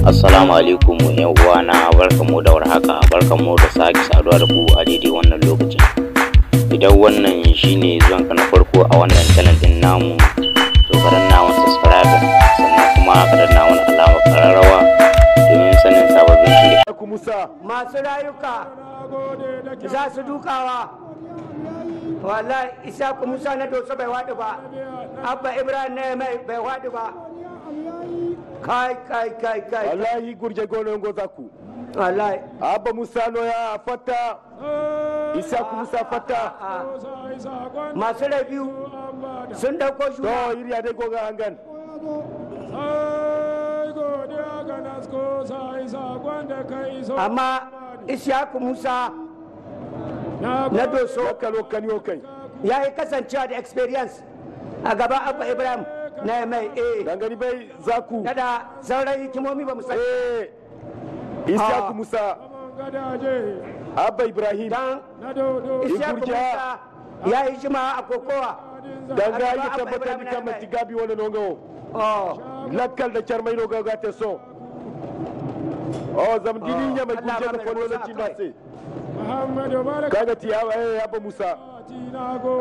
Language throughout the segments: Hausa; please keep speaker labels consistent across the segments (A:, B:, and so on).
A: Assalamu alaikum yan uwana barkamu da warhaka barkamu da sake saduwa da ku a daidai wannan lokacin. Idan wannan shine zuwan ka na farko a wannan channel din namu to karan na wani subscribe sannan kuma karan na wani alama kararrawa domin sanin sababbin shirye. Masu rayuka za su dukawa wallahi isa ku musa na dosa bai wadu ba abba ibrahim ne mai bai wadu ba kai kai kai kai wallahi gurje gono ngo zaku wallahi abba musa no ya fata isaku musa fata masu rabiu sun dauko shi to iriya dai goga hangan amma ishaku musa na doso ya yi kasancewa da experience a gaban abba ibrahim na mai eh dangane bai zaku kada zauren hikimomi ba musa eh isyaku ah. musa abba ibrahim dan isyaku musa ya yi jima a kokowa danga yi tabbatar da kan mati gabi wani nongo oh. lakkal da charmai nongo ga te so o oh, zamdini oh. ya mai kuje da kwano na cimase kaga tiyawa ya eh, abba musa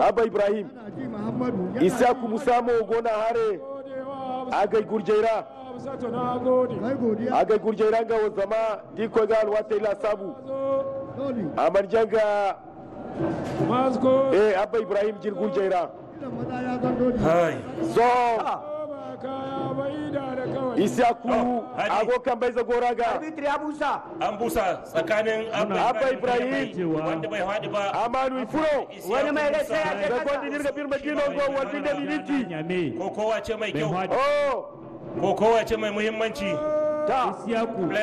A: abba ibrahim isaku musa gona hare agai gurjera agai gurjera ga zama diko ga alwata ila sabu amar janga eh abba ibrahim jir gurjera hai zo ah. Isiyaku oh, abokan bai zagora ga an busa tsakanin Abba Ibrahim wanda bai haɗu ba Amanu Ifuro wani mai rai sai ya ga kwandi dirga birma gino go wani da miniti ko kowa ce mai kyau oh! ko kowa ce mai muhimmanci ta isiyaku na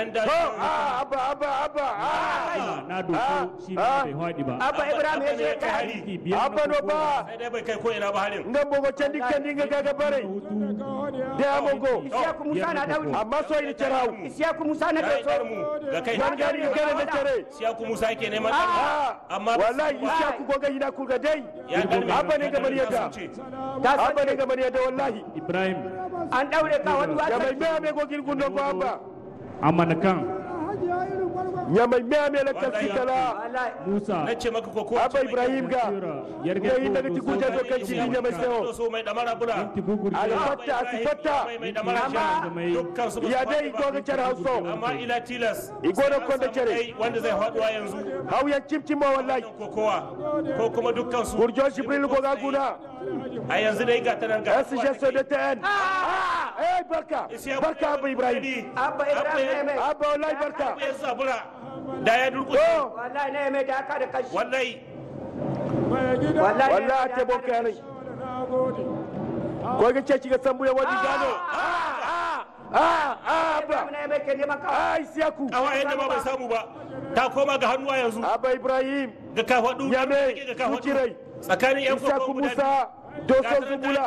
A: shi bai hadi ba abba ibrahim ya je no ba sai dai bai kai ko ina ba halin bogo bare da oh, isiyaku musa na amma so isiyaku musa na ga kai gari ga isiyaku musa neman ah. amma wallahi isiyaku ina ga dai ne ne wallahi ibrahim an daure ka wani wata mai mai gogin gundon ba abba Amanakan. ya mai biya mai sikala musa ibrahim ga yarga yi daga tiku da dokan ci mai sayo so mai damara a alfatta ya dai igo ga kyar hausa amma ila tilas igo da kon da kyare ma wallahi ko kuma dukkan a yanzu dai ga ta nan ga su so da ta yan eh barka barka abu ibrahim abba ibrahim abba wallahi barka ya da ya durkushe wallahi ne mai da aka da kashi wallahi wallahi ta boka ne ko ga ce ga wani ah! gano yadda ba bai samu ba ta koma ga hannuwa yanzu abba ibrahim ga kafaɗu ya mai kukirai tsakanin yan koko musa doson zubula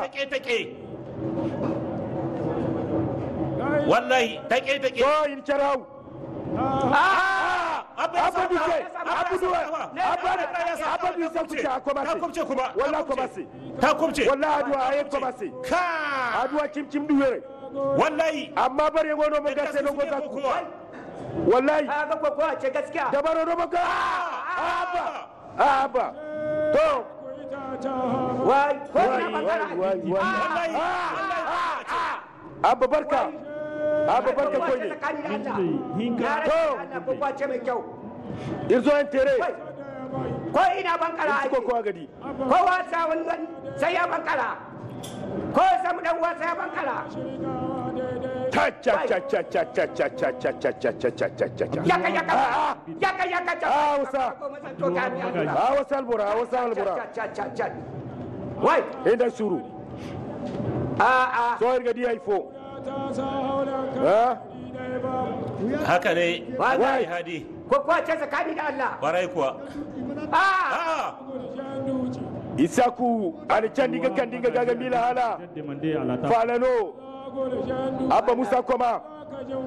A: wallahi take take ko in charau ah! ah! abu duke abu duwe abu duwe sauti ta komasi ta komce kuma wallahi komasi ta komce wallahi aduwa ayi komasi ka aduwa kimkim duwe wallahi amma bare gono mun ah, ga sai dogo ta kuma wallahi ga ko ce gaskiya da baro dogo ka aba aba to Abba barka Abba barka ko ne to kwace mai kyau irzo an tere ko ina bankara ai ko kowa gadi ko wasa wannan sai ya bankara ko samu dan wasa ya bankara Cha cha cha cha cha cha cha cha cha cha cha cha cha cha cha. Ya ka ya ka. Ya ka ya ka cha. Ah, usa. Ah, Cha cha cha cha. Wai, enda suru. Ah ah. So irga di ifo. Ha? Haka ne. Wai hadi. Ko kwa ce zakani da Allah. Warai kuwa. Ah. Ah. Isaku, ani candi ga gagal ga ga hala. Falano. abba musa koma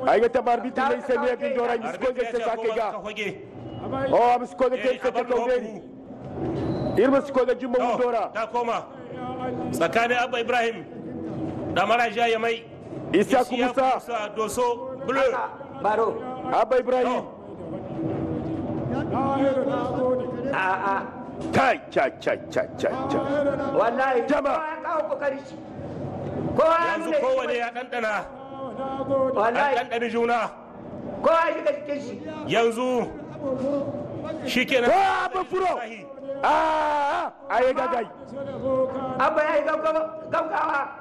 A: ay ta barbi tu lay sen ye gindo ray ko je se sa ke ga o am ko ke se ke ko irma je mu dora ta koma tsakanin abba ibrahim da maraja ya mai isa ku musa doso baro abba ibrahim a a cha cha cha yanzu kowane ya ɗanɗana an ɗanɗani juna yanzu shi kenan ko abu furo a yi ah, ah, gagai abu ya yi gaugawa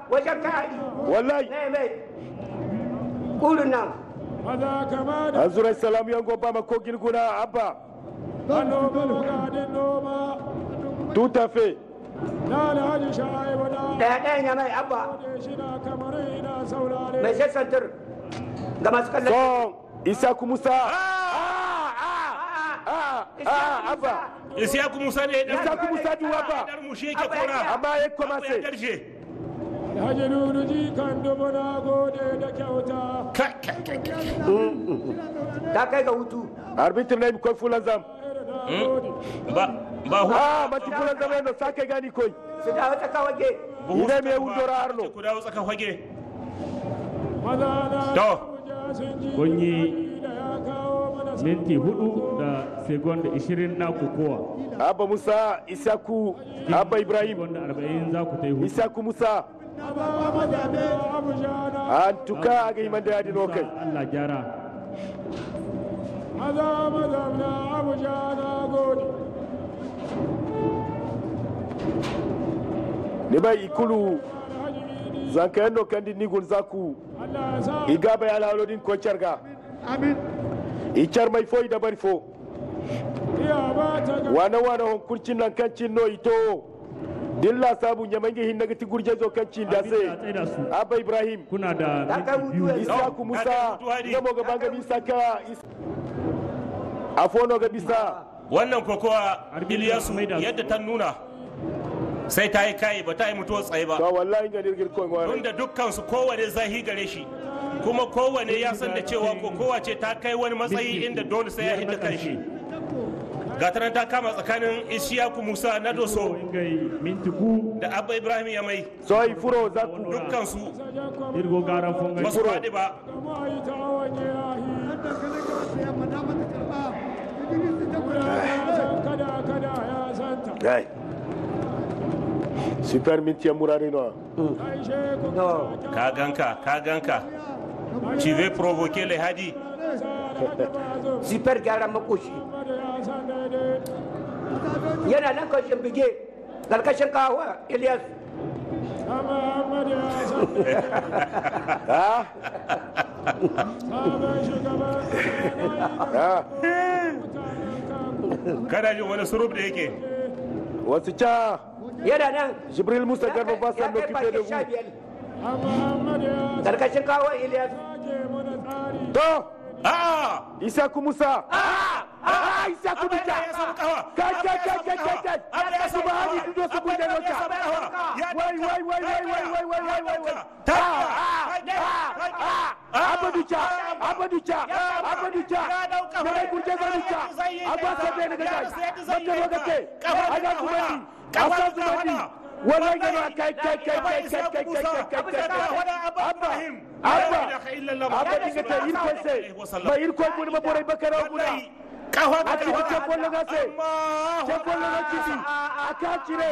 A: wajen kari wallahi ne mai kurun nan azurai salam yango ba ma kogin guna abba tutafe. daya ɗayan yana yi abba mai sai santir ga masu kallon son isaku musa ah, ah, ah, abba isaku musa ne dan isaku musa duwa ba dar kora ya koma sai Alhaji Nunu ji kan dubu na gode da kyauta. Mm, mm, mm. Ta kai ga hutu. Arbitin na yi Ba, bahu ah mati kula zama no sake gani koi su dawo tsaka wage ina me wundora arno ku dawo tsaka wage to kun yi minti hudu da segonda ishirin na kokowa abba musa isaku abba ibrahim isaku musa an tuka a ga iman da yadi lokai allah gyara maza maza na abuja na niba ikulu zankayendo kandi nigun zaku iga bai alhalodin ko carga i mai fo da bari fo wana wana hon kurcin nan kancin no ito dilla sabu nyamange hin nagati gurje zo kancin da sai abba ibrahim kuna da isaku musa namo ga banga bisa ka afono ga bisa wannan kokowa iliyasu yadda ta nuna sai ta yi kayi ba ta yi mutuwa tsaye ba tunda dukkan su kowane zahi gare shi kuma kowane ya san da cewa ko kowace ta kai wani matsayi inda dole sai ya hita kan shi gatanan ta kama tsakanin ishiyaku musa na doso da abba ibrahim ya mai su ba su faɗi ba super métier murari no hmm. ka ganka tu veux provoquer les hadis super Il y en gyara makoshi yana nan kashin bige karkashin kawo Elias ah. Ah. kada jin wani surub da yake wasu ca yana nan jibril musa garba ba da kawo to a'a isa ku musa a'a a'a isa ku musa ya su ba dudo su bude wai wai wai wai wai wai wai wai wai wai ta kafar da hana wannan gaba kai kai kai kai kai kai kai kai kai abba abba abba dinga ta irkon sai ba irkon mun maborai bakara guna a cikin tafon laga sai tafon laga ciki a kacire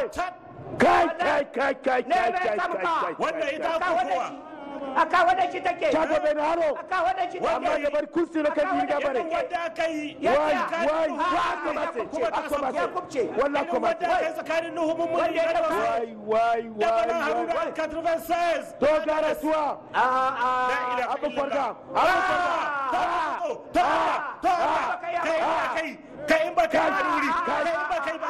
A: kai kai kai kai kai kai kai kai wannan ita kuwa aka wadda shi take ta gabe na haro aka wadda shi take amma gabar kursi na kan yi gabare wadda kai wai wai wa komate kuma ta komate ya kubce wallahi komate wadda kai tsakanin nuhumun mun ne wai wai wai da haruna 96 to gara tuwa ah, ah. a a ah, abu farga A farga ta ta ta kai kai kai in ba kai ba kai ba kai ba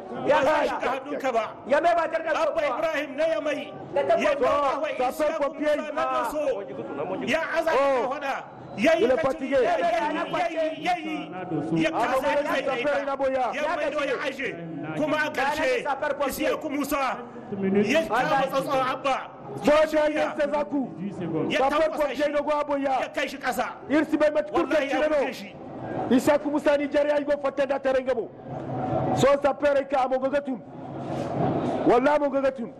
B: ya hadu
A: ba ya mai ba tar abba ibrahim na yamai ya dawa wa isa kuma oh. na ya aza ka wada yayi ya ya yayi ya kasa ya ya mai ya aje kuma a karshe isiya ya musa ya kama tsatson abba Jordan Sezaku, Safar da, Dogo Aboya, Irsi Bai Matukar Kirkirano, Isa da Tarengabo. so sapere ka amo gagatum walla amo gagatum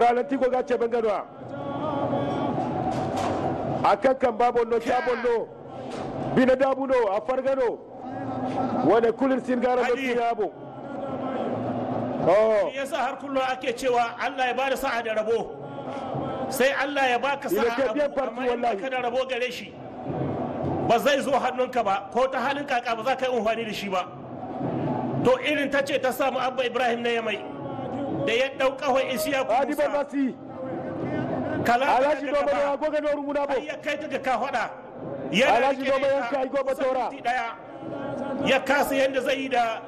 A: ralanti ko gacce banganoa akan kan ta cabonno bina no a fargano wanda kulin sin gara mafi yabo ya oh. sa har kullu ake cewa allah ya bada sa'a da rabo sai allah ya baka sa'a abu amma in da rabo gare shi ba zai zo hannunka ba ko ta halin kaka ba za ka yi amfani da shi ba to irin ta ce ta samu abba ibrahim na yamai da ya ɗau ƙahon isiya ku musa alhaji dobe ya goga noru muna bo ya kai ta ga ka faɗa, ya alhaji dobe ya kai goba tora ya kasa yadda zai yi da